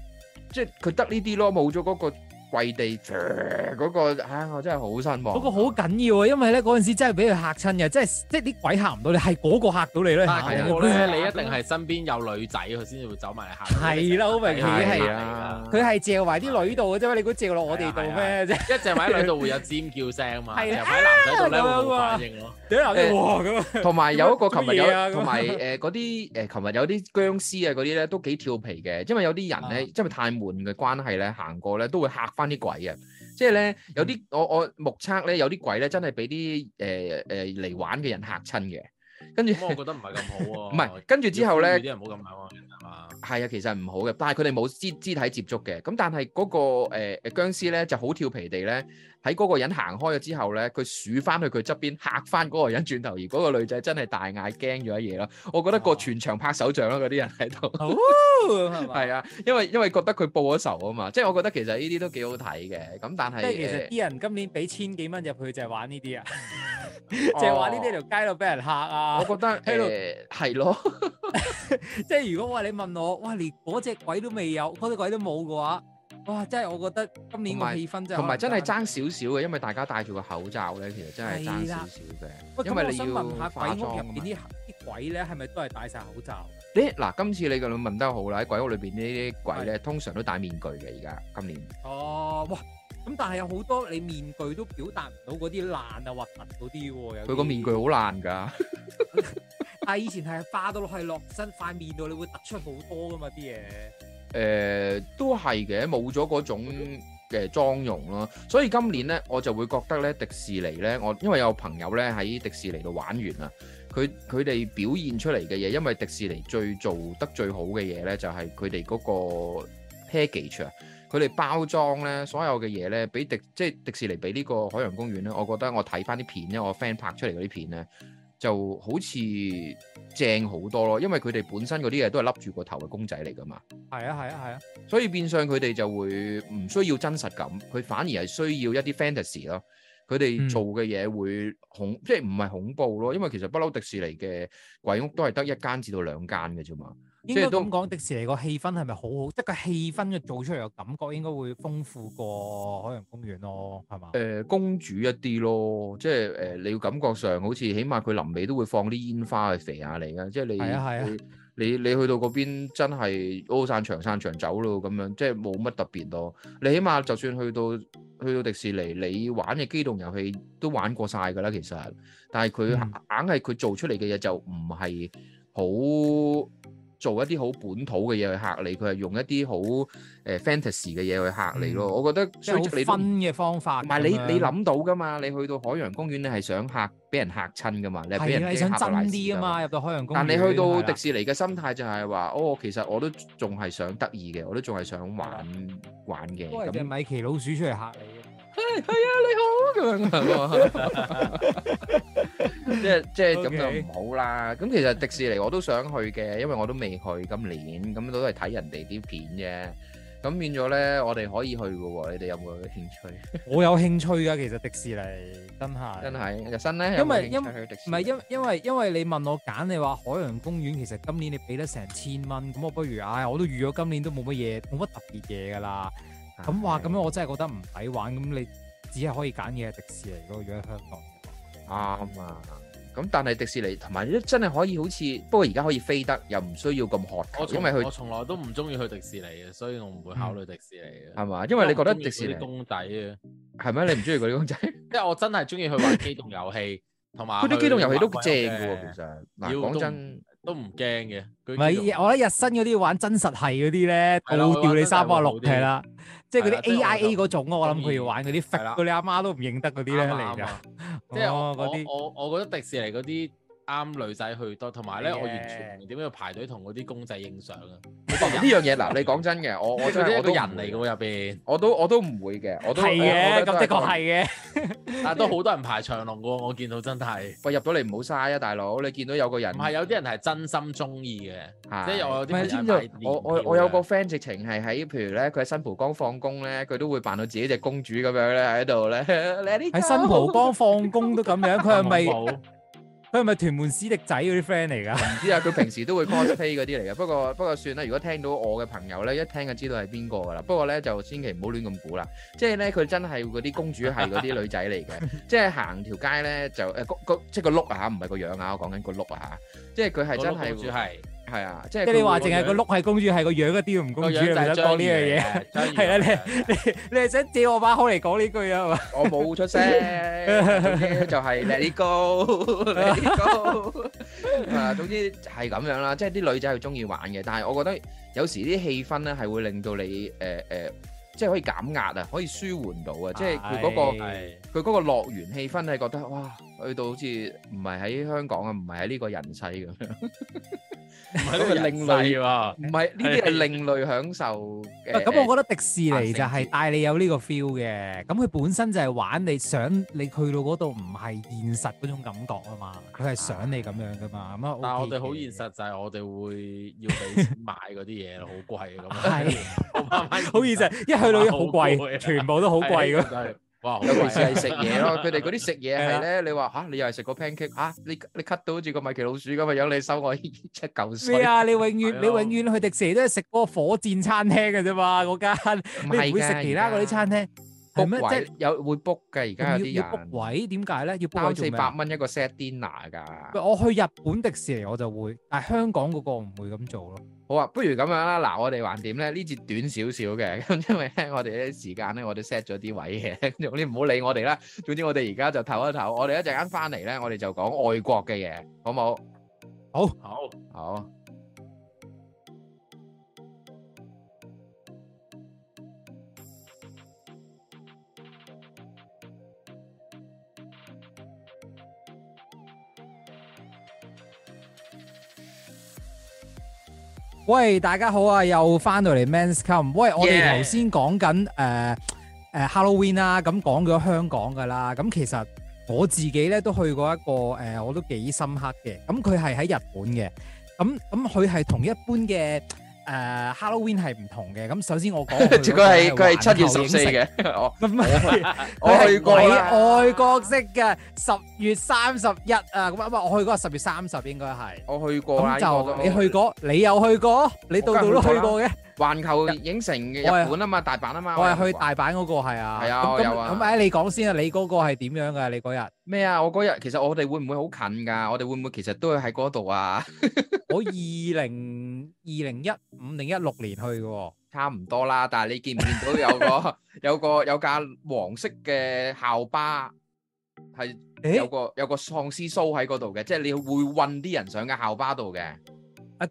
即係佢得呢啲咯，冇咗嗰個。跪地，嗰個唉，我真係好失望。嗰個好緊要啊，因為咧嗰陣時真係俾佢嚇親嘅，即係即係啲鬼嚇唔到你，係嗰個嚇到你咧。嚇你一定係身邊有女仔，佢先至會走埋嚟嚇。係咯，好明顯係啊。佢係借埋啲女度嘅啫，你估借落我哋度咩啫？一借埋啲女度會有尖叫聲嘛，係喺男仔度咧冇反應咯。哇，咁同埋有一個琴日有，同埋誒嗰啲誒琴日有啲殭屍啊嗰啲咧都幾調皮嘅，因為有啲人咧，因為太悶嘅關係咧，行過咧都會嚇翻。翻啲鬼啊！即係咧，有啲我我目測咧，有啲鬼咧，真係俾啲誒誒嚟玩嘅人吓親嘅。跟住、 那個呃，我覺得唔係咁好喎。唔係，跟住之後咧，啲人冇咁有安全感啊。係啊，其實唔好嘅，但係佢哋冇肢肢體接觸嘅。咁但係嗰個誒殭屍咧就好跳皮地咧，喺嗰個人行開咗之後咧，佢鼠翻去佢側邊嚇翻嗰個人轉頭，而嗰個女仔真係大嗌驚咗一嘢咯。我覺得個全場拍手掌咯，啊，嗰啲人喺度。係啊，哦哦，因為因為覺得佢報咗仇啊嘛。即係我覺得其實呢啲都幾好睇嘅。咁但係其實啲人，呃、今年俾千幾蚊入去就係玩呢啲啊。 哦、就話呢啲條街度俾人嚇啊！我覺得誒係、 呃、咯， 即係如果話你問我，哇連嗰隻鬼都未有，嗰隻鬼都冇嘅話，哇真係我覺得今年嘅氣氛有真就同埋真係爭少少嘅，因為大家戴住個口罩咧，其實真係爭少少嘅。了因為那麼 你要問下鬼屋入邊啲鬼咧，係咪都係戴晒口罩呢？誒，嗱，今次你咁問得好啦，喺鬼屋裏邊呢啲鬼咧，通常都戴面具嘅而家今年。哦，哇！咁、嗯、但係有好多你面具都表達唔到嗰啲爛啊核突嗰啲喎，佢個面具好爛噶，但以前係化到落去，落身塊 面度，你會突出好多噶嘛啲嘢。誒、呃，都係嘅，冇咗嗰種嘅妝容咯。所以今年咧，我就會覺得咧，迪士尼咧，我因為有朋友咧喺迪士尼度玩完啦，佢佢哋表現出嚟嘅嘢，因為迪士尼最做得最好嘅嘢咧，就係佢哋嗰個 package 佢哋包裝咧，所有嘅嘢咧，俾迪即係迪士尼俾呢個海洋公園咧，我覺得我睇翻啲片咧，我 friend 拍出嚟嗰啲片咧，就好似正好多咯，因為佢哋本身嗰啲嘢都係笠住個頭嘅公仔嚟噶嘛。係啊，係啊，係啊。所以變相佢哋就會唔需要真實感，佢反而係需要一啲 fantasy 咯。佢哋做嘅嘢會恐、嗯、即係唔係恐怖咯，因為其實不嬲迪士尼嘅鬼屋都係得一間至到兩間嘅啫嘛。應該咁講，迪士尼個氣氛係咪好好？即係個氣氛嘅做出嚟嘅感覺應該會豐富過海洋公園咯，係嘛？誒、呃、公主一啲咯，即係誒、呃、你要感覺上好似起碼佢臨尾都會放啲煙花去肥下你㗎，即係你係啊係啊。啊你你，你，你去到嗰邊真係屙散場散場走咯咁樣，即係冇乜特別咯。你起碼就算去到去到迪士尼，你玩嘅機動遊戲都玩過晒㗎啦。其實，但係佢硬係佢做出嚟嘅嘢就唔係好。做一啲好本土嘅嘢去嚇你，佢係用一啲好誒 fantasy 嘅嘢去嚇你咯。嗯、我覺得，因為你分嘅方法，唔係你你諗到噶嘛？你去到海洋公園，你係的人想嚇俾人嚇親噶嘛？係啊，你想真啲啊嘛？入到海洋公園，但你去到迪士尼嘅心態就係話：嗯、哦，其實我都仲係想得意嘅，我都仲係想玩玩嘅。咁，隻米奇老鼠出嚟嚇你。係啊，你好咁樣嘅，即係即係咁就唔好啦。咁其實迪士尼我都想去嘅，因為我都未去今年，咁都係睇人哋啲片啫。咁變咗咧，我哋可以去嘅喎。你哋有冇興趣？ 我有興趣噶，其實迪士尼真係真係。日新咧，因為因唔係因因為因為你問我揀，你話海洋公園，其實今年你俾得成千蚊，咁我不如唉、哎，我都預咗今年都冇乜嘢，冇乜特別嘢噶啦。咁話咁樣，我真係覺得唔抵玩。咁你。只係可以揀嘅嘢係迪士尼嗰個，如果喺香港嘅話，啱啊！咁樣但係迪士尼同埋真係可以好似，不過而家可以飛得，又唔需要咁渴。我從，去我從來都唔中意去迪士尼嘅，所以我唔會考慮迪士尼嘅。係嘛、嗯？因為你覺得迪士尼公仔啊，係咪？你唔中意嗰啲公仔，因為 我真係中意去玩機動遊戲，同埋嗰啲機動遊戲都正嘅喎。其實嗱，講真。都唔驚嘅，唔係，我諗日新嗰啲玩真實係嗰啲咧，倒吊你三百六係啦，即係嗰啲 AIA 嗰種咯，我諗佢要玩嗰啲，識到你阿媽都唔認得嗰啲咧嚟噶，即係我我我我覺得迪士尼嗰啲。啱女仔去多，同埋咧，我完全唔知點樣去排隊同嗰啲公仔影相啊！呢樣嘢嗱，你講真嘅，我我我都人嚟嘅喎入邊，我都我都唔會嘅，我都係嘅，咁的確係嘅。但都好多人排長龍嘅喎，我見到真係。喂，入到嚟唔好嘥啊，大佬！你見到有個人唔係有啲人係真心中意嘅，即係又有啲。唔係，我我我有個 friend 直情係喺，譬如咧佢喺新蒲崗放工咧，佢都會扮到自己隻公主咁樣咧喺度咧，你喺新蒲崗放工都咁樣，佢係咪？佢係咪屯門史迪仔嗰啲 friend 嚟噶？唔知啊，佢平時都會 cosplay 嗰啲嚟嘅。不過不過算啦，如果聽到我嘅朋友咧，一聽就知道係邊個㗎啦。不過咧就千祈唔好亂咁估啦。即係咧，佢真係嗰啲公主係嗰啲女仔嚟嘅。即係行條街咧就誒個個即係個 look 啊嚇，唔係個樣子我說的個鹿啊，我講緊個 l o 即係佢係真係。係啊，即係即係你話淨係個碌係公主，係個樣一啲都唔公主，係咪想講呢樣嘢？係啊，你你你係想借我把口嚟講呢句啊？係嘛？我冇出聲，就係你高你高。啊，總之係咁樣啦，即係啲女仔係中意玩嘅，但係我覺得有時啲氣氛咧係會令到你誒誒，即係可以減壓啊，可以舒緩到啊，即係佢嗰個佢嗰個樂園氣氛係覺得哇～去到好似唔係喺香港啊，唔係喺呢個人世咁樣，唔係一個另類喎。唔係呢啲係另類享受嘅。咁我覺得迪士尼就係帶你有呢個 feel 嘅。咁佢本身就係玩你想你去到嗰度唔係現實嗰種感覺啊嘛。佢係想你咁樣噶嘛。但係我哋好現實就係我哋會要俾錢買嗰啲嘢，好貴咁。係，好現實，一去到已經好貴，全部都好貴咁。哇！尤其是係食嘢咯，佢哋嗰啲食嘢係咧，你話嚇、啊，你又係食個 pancake 嚇、啊，你你 cut 到好似個米奇老鼠咁嘅樣，你收我七嚿水。咩啊？你永遠的你永遠去迪士尼都係食嗰個火箭餐廳嘅啫嘛，嗰間你唔會食其他嗰啲餐廳。係咩？即係有會 book 嘅，而家有啲人。book 位點解咧？要包四百蚊一個 set dinner 㗎。我去日本迪士尼我就會，但係香港嗰個唔會咁做咯。好啊，不如咁樣啦。嗱，我哋橫掂咧？呢節短少少嘅，咁因為咧，我哋咧時間咧，我哋 set 咗啲位嘅，咁你唔好理我哋啦。總之我哋而家就唞一唞，我哋一陣間翻嚟咧，我哋就講外國嘅嘢，好冇？好好好。好好。喂，大家好 Yeah.、呃呃 Halloween、啊！又翻到嚟 Men's Come，喂，我哋頭先講緊誒誒 Halloween 啦，咁講咗香港噶啦，咁其實我自己咧都去過一個誒、呃，我都幾深刻嘅，咁佢係喺日本嘅，咁咁佢係同一般嘅。誒、uh，Halloween 係唔同嘅。咁首先我講，佢係佢係七月十四嘅。我唔係 是， 我去過。外國式嘅十月三十一啊。咁啊，我去嗰十月三十應該係。我去過。咁就你去過，去過你有去過？你到度都去過嘅。環球影城嘅日本啊嘛，是大阪啊嘛，我係去大阪嗰個係啊。係啊，那我有啊。咁誒，你講先啊，你嗰個係點樣噶？你嗰日咩啊？我嗰日其實我哋會唔會好近噶？我哋會唔會其實都係喺嗰度啊？ 我二零二零一五零一六年去嘅。哦，差唔多啦。但係你見唔見到有個 有個有架黃色嘅校巴係有個、欸、有個喪屍騷喺嗰度嘅，即係你會運啲人上架校巴度嘅。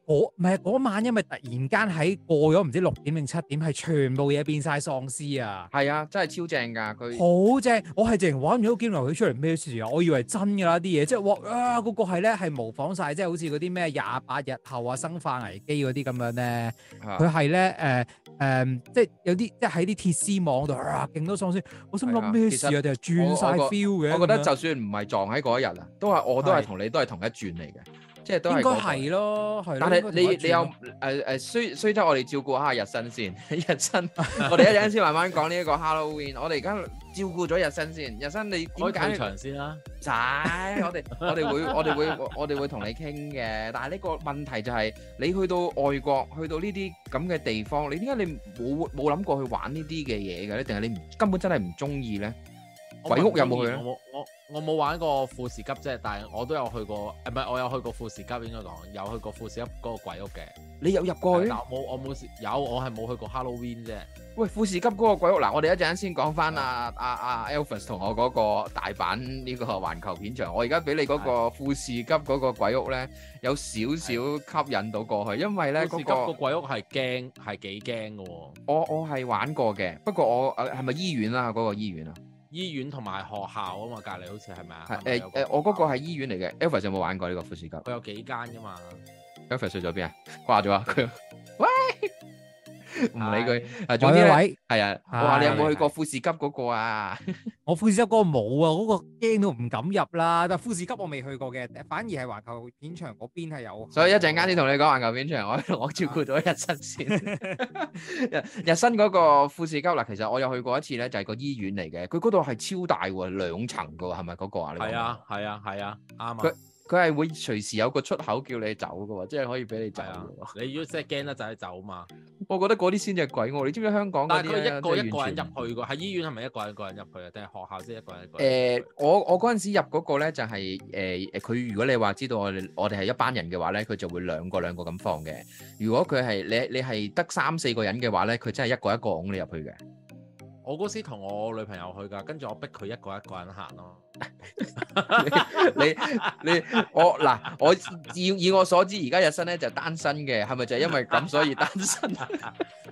嗰唔係嗰晚，因為突然間喺過咗唔知六點定七點，係全部嘢變晒喪屍啊！係啊，真係超正㗎！佢好正，我係淨玩咗都見到佢出嚟咩事啊！我以為真㗎啦啲嘢，即係哇啊嗰個係咧係模仿晒，即係好似嗰啲咩廿八日後啊生化危機嗰啲咁樣咧。佢係咧誒誒，即係有啲即係喺啲鐵絲網度，勁、啊、多喪屍。我心諗咩事啊？事我哋轉晒？feel 嘅。我覺得就算唔係撞喺嗰一日啊，都係我都係同，的同你都係同一轉嚟嘅。都應該係咯，係。但係你你有誒誒，雖雖則我哋照顧下日新先，日新。 我哋一陣先慢慢講呢一個 Halloween。我哋而家照顧咗日新先，日新你點解長先啦、啊？仔，我哋我哋會我哋會我哋會同你傾嘅。但係呢個問題就係、是，你去到外國，去到呢啲咁嘅地方，你點解你冇冇諗過去玩呢啲嘅嘢嘅咧？定係你根本真係唔中意咧？鬼屋有冇去，我有？我冇，我我冇玩過富士急啫。但係我都有去過，誒，唔係，我有去過富士急，應該講有去過富士急嗰個鬼屋嘅。你有入過去？冇，我冇。有我係冇去過 Halloween 啫。喂，富士急嗰個鬼屋嗱，我哋一陣間先講翻阿阿阿 Alfred 同我嗰個大阪呢個環球片場。我而家俾你嗰個富士急嗰個鬼屋咧，有少少吸引到過去，對因為咧嗰個鬼屋係驚，係幾驚嘅。我我係玩過嘅，不過我誒係咪醫院啦、啊？嗰、嗰個醫院啊？醫院同埋學校啊嘛，隔離好似係咪啊？係誒誒，我嗰個係醫院嚟嘅。Elvis 有冇玩過呢個富士急？佢有幾間㗎嘛。Elvis 去咗邊啊？掛咗啊！佢 ？喂。唔 理佢，哎哎、啊，仲有呢位係啊，我話、哎、呀你有冇去過富士急嗰個啊？ 我富士急嗰個冇啊，嗰、嗰個驚到唔敢入啦。但富士急我未去過嘅，反而係環球片場嗰邊係有。所以一陣間先同你講環球片場，我我照顧咗日， 日新先。日新嗰個富士急嗱，其實我有去過一次咧，就係個醫院嚟嘅。佢嗰度係超大喎，兩層噶喎，係咪嗰個啊？你係啊，係啊，係啊，啱啊。它 佢係會隨時有個出口叫你走噶喎，即係可以俾你走。你如果真係驚得就係、是、走嘛。我覺得嗰啲先係鬼喎，你知唔知香港但係佢一個一個人入去噶，喺醫院係咪一個一個人入去啊？定係學校先一,一個人一個人？誒、呃，我我嗰陣時入嗰個咧就係誒誒，佢、呃、如果你話知道我哋我哋係一班人嘅話咧，佢就會兩個兩個咁放嘅。如果佢係你你係得三四個人嘅話咧，佢真係一個一個拱你入去嘅。我嗰時同我女朋友去噶，跟住我逼佢一個一個人行咯 。你你我嗱，我，我以以我所知，而家日新咧就單身嘅，係咪就係因為咁所以單身啊？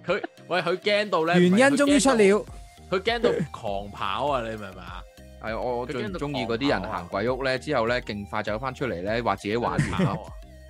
佢 喂，佢驚到咧，呢原因終於出了，佢驚到狂跑啊！你明唔明啊？係我最中意嗰啲人行鬼屋咧，之後咧勁快走翻出嚟咧，話自己玩完咯。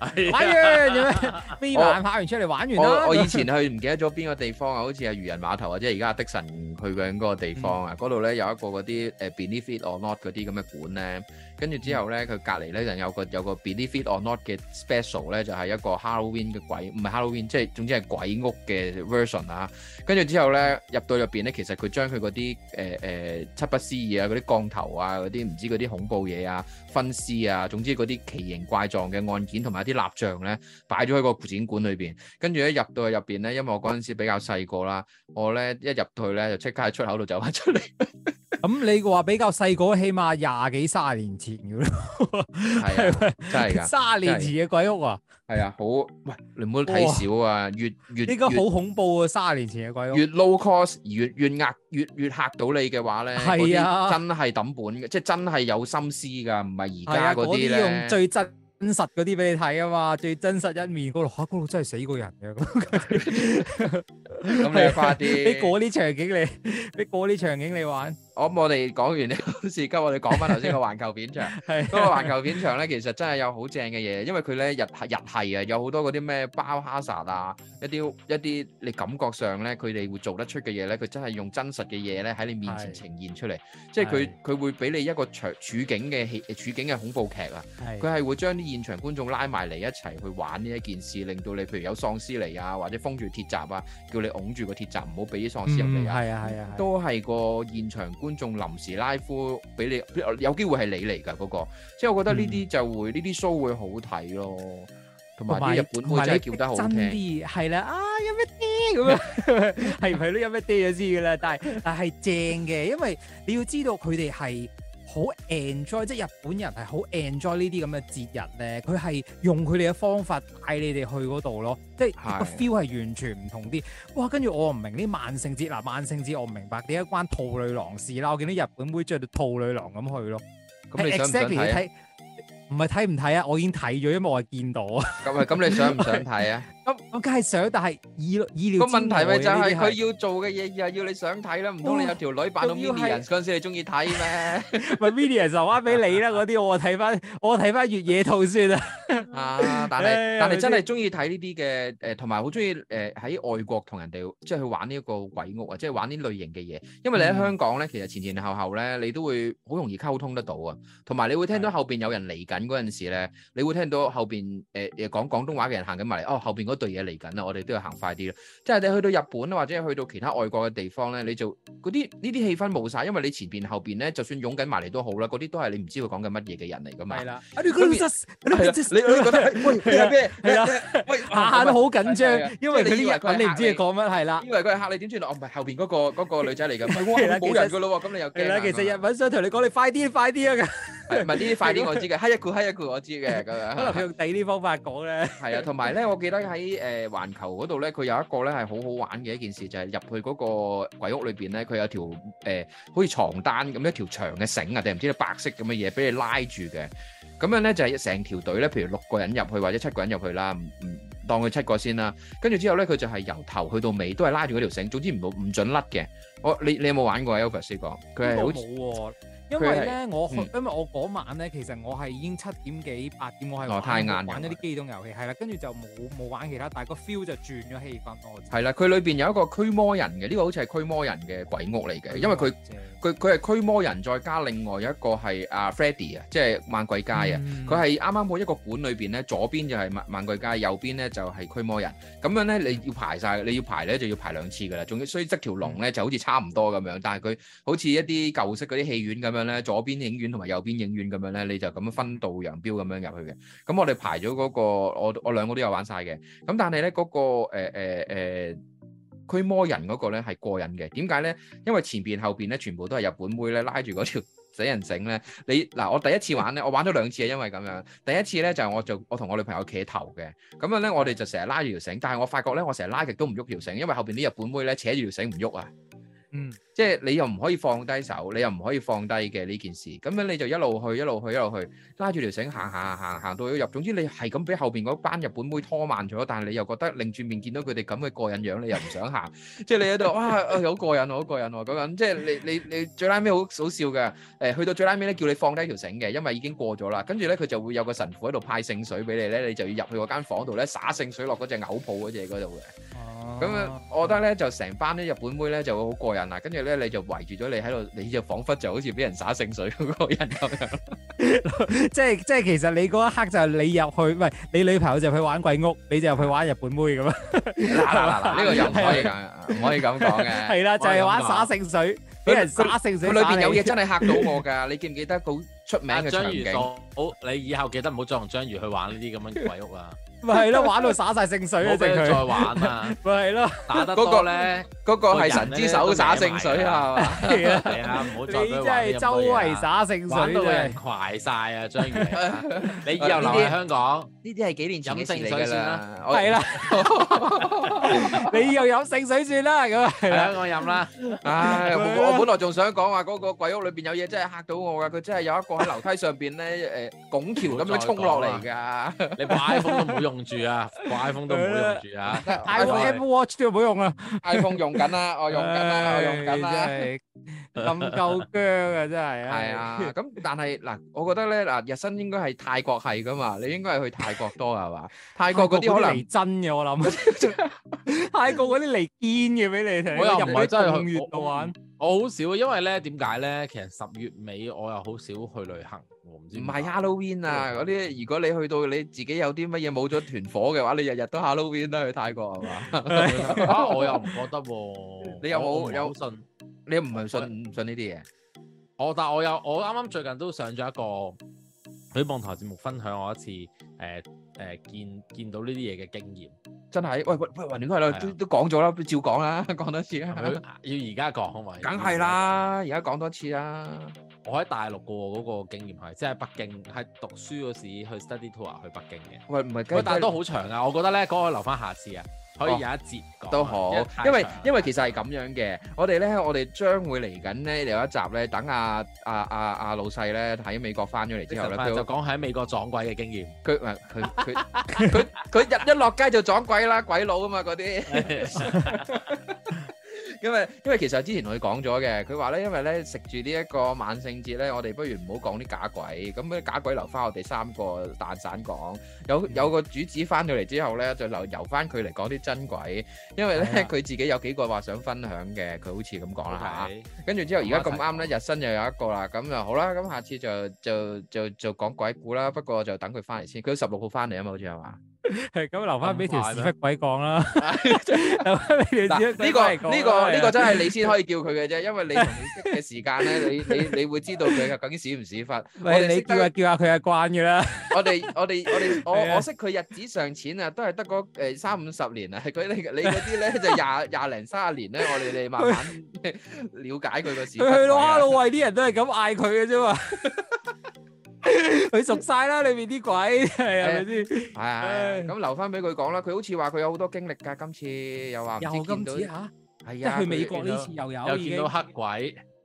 玩完做咩？我跑完出嚟，玩完啦。我以前去唔記得咗邊個地方啊，好似係漁人碼頭啊，即係而家的神去緊嗰個地方啊，嗰度咧有一個嗰啲誒 benefit or not 嗰啲咁嘅館咧。跟住之後呢，佢隔離呢就有個有個 Believe It or Not 嘅 special 呢就係、是、一個 Halloween 嘅鬼，唔係 Halloween，即係總之係鬼屋嘅 version 啊。跟住之後呢，入到入邊呢，其實佢將佢嗰啲誒誒七不思議啊，嗰啲降頭啊，嗰啲唔知嗰啲恐怖嘢啊，分屍啊，總之嗰啲奇形怪狀嘅案件同埋啲蠟像呢，擺咗喺個展館裏邊。跟住一入到去入邊呢，因為我嗰陣時比較細個啦，我呢一入到去呢，就即刻喺出口度走翻出嚟。 咁、嗯、你話比較細個，起碼廿幾卅年前嘅咯。係、啊、真係卅、啊、年前嘅鬼屋啊！係啊，好，喂，你唔好睇少啊，哇越越呢個好恐怖啊！卅年前嘅鬼屋，越 low cost 越，越壓越，越吓到你嘅話咧，係啊，真係抌本嘅，即係真係有心思噶，唔係而家嗰啲咧。用最真實嗰啲俾你睇啊嘛，最真實一面嗰度，吓嗰度真係死過人嘅、啊。咁 你快啲， 你過啲場景你，你過啲場景你玩。我哋講完呢個事後，我哋講翻頭先個環球片場。係嗰 的個環球片場呢，其實真係有好正嘅嘢，因為佢呢日日係啊，有好多嗰啲咩包哈薩啊，一啲一啲你感覺上呢，佢哋會做得出嘅嘢呢。佢真係用真實嘅嘢呢喺你面前呈現出嚟。的即係佢佢會俾你一個場處境嘅戲處境嘅恐怖劇啊。佢係的會將啲現場觀眾拉埋嚟一齊去玩呢一件事，令到你譬如有喪屍嚟啊，或者封住鐵閘啊，叫你拱住個鐵閘唔好俾啲喪屍入嚟啊。係啊係啊，都係個現場。觀眾臨時拉夫俾你，有機會係你嚟㗎嗰個。即係我覺得呢啲就會呢啲、嗯、show 會好睇咯，同埋啲日本會真啲，係啦啊，有咩啲咁啊，係唔係咧？有咩啲就知㗎啦，但係但係正嘅，因為你要知道佢哋係。好 enjoy，即係日本人係好 enjoy 呢啲咁嘅節日咧，佢係用佢哋嘅方法帶你哋去嗰度咯，即係個 feel 係完全唔同啲。哇！跟住我唔明啲萬聖節，嗱萬聖節我唔明白點解關兔女郎事啦，我見到日本妹着到兔女郎咁去咯。咁、嗯、是 exactly 你想唔想睇？唔係睇唔睇啊？我已經睇咗，因為我係見到、 嗯嗯嗯、想想啊。咁啊？咁你想唔想睇啊？我梗係想，但係意意料之外。個問題咪就係佢要做嘅嘢，又係要你想睇啦。唔通你有條女扮到 Minion？嗰時你中意睇咩？咪 Minion 就玩俾你啦。嗰啲我睇翻，我睇翻粵野套先啦。啊，但係但係真係中意睇呢啲嘅誒，同埋好中意誒喺外國同人哋即係去玩呢一個鬼屋啊，即係玩呢類型嘅嘢。因為你喺香港咧，其實前前後後咧，你都會好容易溝通得到啊。同埋你會聽到後邊有人嚟緊嗰陣時咧，你會聽到後邊誒講廣東話嘅人行緊埋嚟。哦，後邊嗰對嘢嚟緊啦，我哋都要行快啲啦。即係你去到日本啊，或者係去到其他外國嘅地方咧，你就嗰啲呢啲氣氛冇曬，因為你前邊後邊咧，就算擁緊埋嚟都好啦，嗰啲都係你唔知佢講緊乜嘢嘅人嚟噶嘛。係啦，你嗰邊你覺得喂係啊？喂，下下都好緊張，因為嗰啲日文你唔知佢講乜係啦。因為佢係嚇你點知，唔係後邊嗰個嗰個女仔嚟噶。係啦，冇人㗎啦喎，咁你又記啦。其實日文想同你講，你快啲快啲啊！㗎，唔係呢啲快啲我知嘅，嗨一句嗨一句我知嘅咁樣。可能佢用第啲方法講咧。係啊，同埋咧，我記得喺。喺誒環球嗰度咧，佢有一個咧係好好玩嘅一件事，就係、是、入去嗰個鬼屋裏邊咧，佢有條誒、呃、好似床單咁一，一條長嘅繩啊，定唔知白色咁嘅嘢俾你拉住嘅，咁樣咧就係、是、成條隊咧，譬如六個人入去或者七個人入去啦，嗯。當佢七個先啦，跟住之後咧，佢就係由頭去到尾都係拉住嗰條繩，總之唔唔準甩嘅。我你你有冇玩過啊？Elvis 講佢係好冇喎，因為咧、嗯、我因為我嗰晚咧其實我係已經七點幾八點我，我、呃、太眼玩咗啲機動遊戲，係啦，跟住就冇冇玩其他，但係個 feel 就轉咗氣氛咯。係啦，佢裏邊有一個驅魔人嘅，呢、這個好似係驅魔人嘅鬼屋嚟嘅，因為佢佢佢係驅魔人再加另外有一個係阿 Freddie 啊，Freddy，即係猛鬼街啊，佢係啱啱好一個館裏邊咧，左邊就係猛猛鬼街，右邊咧就是。就係驅魔人，咁樣咧你要排晒，你要排咧就要排兩次噶啦，仲要雖則條龍咧就好似差唔多咁樣，但係佢好似一啲舊式嗰啲戲院咁樣咧，左邊影院同埋右邊影院咁樣咧，你就咁樣分道揚鑣咁樣入去嘅。咁我哋排咗嗰個，我我兩個都有玩晒嘅。咁但係咧嗰個誒誒誒驅魔人嗰個咧係過癮嘅，點解咧？因為前邊後邊咧全部都係日本妹咧拉住嗰條。俾人整咧，你嗱，我第一次玩咧，我玩咗兩次啊，因為咁樣。第一次咧就係我做，我同我女朋友企頭嘅，咁樣咧我哋就成日拉住條繩，但係我發覺咧，我成日拉極都唔喐條繩，因為後邊啲日本妹咧扯住條繩唔喐啊，嗯。即係你又唔可以放低手，你又唔可以放低嘅呢件事，咁樣你就一路去一路去一路去，拉住條繩行行行行到要入，總之你係咁俾後邊嗰班日本妹拖慢咗，但係你又覺得擰轉面見到佢哋咁嘅過癮樣，你又唔想行，即係你喺度哇，好過癮，好過癮喎！咁樣即係你你你最拉尾好好笑㗎，誒去到最拉尾咧叫你放低條繩嘅，因為已經過咗啦，跟住咧佢就會有個神父喺度派聖水俾你咧，你就要入去嗰間房度咧灑聖水落嗰隻牛泡嗰隻嗰度嘅，咁啊，我覺得咧就成班啲日本妹咧就會好過癮啊，跟住即係你就圍住咗你喺度，你就仿佛就好似俾人灑聖水嗰個人咁樣。即係即係，其實你嗰一刻就係你入去，唔係你女朋友就去玩鬼屋，你就入去玩日本妹咁樣？嗱嗱嗱，呢個又唔可以講，唔可以咁講嘅。係啦，就係、是、玩灑聖水，俾人灑聖水。佢他裏邊有嘢真係吓到我噶， 你記唔記得好出名嘅場景？好，你以後記得唔好再用章魚去玩呢啲咁樣嘅鬼屋啊！ 咪係咯，玩到灑晒聖水啊！俾佢再玩啊！咪係咯，打得多過咧，嗰個係神之手灑聖水係嘛？你真係周圍灑聖水，玩到個人壞晒啊！張宇，你以後留喺香港，呢啲係幾年飲聖水啦？係啦，你又飲聖水算啦咁。係啊，我飲啦。唉，我本來仲想講話嗰個鬼屋裏邊有嘢，真係嚇到我㗎。佢真係有一個喺樓梯上邊咧，誒拱橋咁樣衝落嚟㗎。你擺風都冇用。用住啊，iPhone 都唔好用住啊，iPhone Apple Watch 都唔好用啊，iPhone 用緊啦，我用緊啦、啊， 唉我用緊啦，咁夠僵啊真係啊，係啊，咁、啊、但係嗱， 我覺得咧嗱，日新應該係泰國係噶嘛，你應該係去泰國多係嘛， 泰國嗰啲可能真嘅，我諗， 泰國嗰啲嚟堅嘅俾你聽，我又唔係真係去越南度玩。我好少，因為咧點解咧？其實十月尾我又好少去旅行，我唔知。唔係 Halloween 啊！嗰啲如果你去到你自己有啲乜嘢冇咗團火嘅話， 你日日都 Halloween 都、啊、去泰國係嘛 啊？我又唔覺得喎。你又有冇有，有又信？信你唔係信唔信呢啲嘢？我、哦、但係我有，我啱啱最近都上咗一個。佢網台節目分享我一次誒誒、呃呃、見見到呢啲嘢嘅經驗，真係喂喂喂，混亂係啦，都都講咗啦，照講啦，講多次啦，係咪？要而家講，係咪？梗係啦，而家講多次啦。我喺大陸個嗰、嗰個經驗係，即係北京喺讀書嗰時去 study tour 去北京嘅。喂唔係，喂但都好長啊！我覺得咧，嗰、嗰個留翻下次啊。可以有一節講、哦，都好，因為因為其實係咁樣嘅，我哋咧，我哋將會嚟緊咧有一集咧，等阿阿阿阿老細咧喺美國翻咗嚟之後咧，佢很就講喺美國撞鬼嘅經驗，佢誒佢佢佢佢日一落街就撞鬼啦，鬼佬啊嘛嗰啲。 因為因為其實之前我哋講咗嘅，佢話咧，因為咧食住呢一個萬聖節咧，我哋不如唔好講啲假鬼，咁假鬼留翻我哋三個蛋散講，有、嗯、有個主子翻到嚟之後咧，就留由翻佢嚟講啲真鬼，因為咧佢、哎、呀自己有幾個話想分享嘅，佢好似咁講啦嚇，跟住看、啊、之後而家咁啱咧，媽媽日新又有一個啦，咁就好啦，咁下次就就就就講鬼故啦，不過就等佢翻嚟先，佢十六號翻嚟啊，好似係啩？係咁留翻俾條屎忽鬼講啦。嗱 呢、啊啊這個呢、這個呢的個真係你先可以叫佢嘅啫， 因為你同你識嘅時間咧，你你你會知道佢究竟屎唔屎忽。唔係喂你叫啊叫下佢啊慣嘅啦。我哋我哋我哋我我識佢日子尚淺啊，都係得個誒三五十年啊。佢你你嗰啲咧就廿廿零三十年咧，我哋你慢慢了解佢個事。佢哇 老衛啲人都係咁嗌佢嘅啫嘛。 佢 熟晒啦，裏面啲鬼係咪先？係咁留翻俾佢講啦。佢好似話佢有好多經歷㗎。今次又話唔知見到啲，係啊， 啊哎、呀去美國呢次來又有來又見到黑鬼。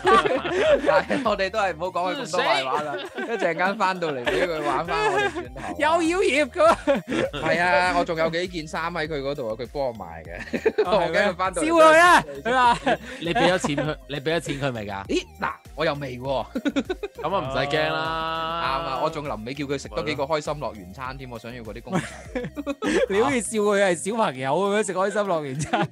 係， 但我哋都係唔好講佢咁多壞話啦。一陣間翻到嚟俾佢玩翻，有妖孽噶。係 啊，我仲有幾件衫喺佢嗰度啊，佢幫 我買嘅。我驚佢翻到燒佢啊！ 你俾咗錢佢，你俾咗錢佢咪噶？咦嗱！我又未喎，咁啊唔使驚啦，啱啊，我仲臨尾叫佢食多幾個開心樂園餐添，我想要嗰啲公仔。你好似笑佢係小朋友咁樣食開心樂園餐。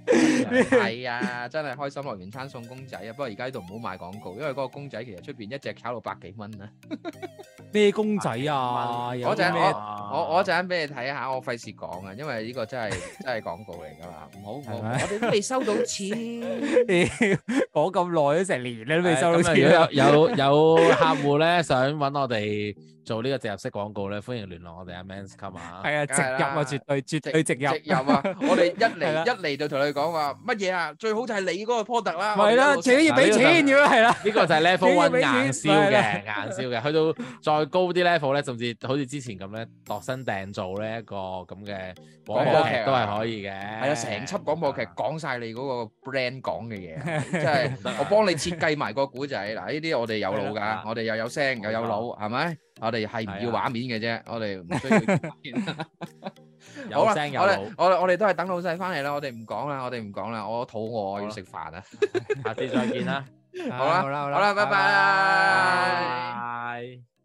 係啊，真係開心樂園餐送公仔啊！不過而家呢度唔好賣廣告，因為嗰個公仔其實出邊一隻炒到百幾蚊啊！咩公仔啊？我我我陣間俾你睇下，我費事講啊，因為呢個真係真係廣告嚟噶嘛，唔好我哋都未收到錢，講咁耐都成年啦，你都未收到錢。 有有，有客戶咧，想揾我哋。做呢個植入式廣告咧，歡迎聯絡我哋阿 Man，Come 啊！係啊，植入啊，絕對絕對植入，植入啊！我哋一嚟一嚟就同你講話乜嘢啊？最好就係你嗰個 product 啦，係啦，企業俾錢嘅係啦，呢個就係 level one 硬銷嘅，硬銷嘅。去到再高啲 level 咧，甚至好似之前咁咧，度身訂造咧一個咁嘅廣播劇都係可以嘅。係啊，成輯廣播劇講曬你嗰個 brand 講嘅嘢，即係我幫你設計埋個故仔。嗱，呢啲我哋有腦㗎，我哋又有聲又有腦，係咪？我哋係唔要畫面嘅啫，啊、我哋唔需要畫面 啦有聲有腦，我我哋都係等老細翻嚟啦，我哋唔講啦，我哋唔講啦，我肚餓，我要食飯啊， 下次再見啦， 好啦，好啦，好啦，拜拜。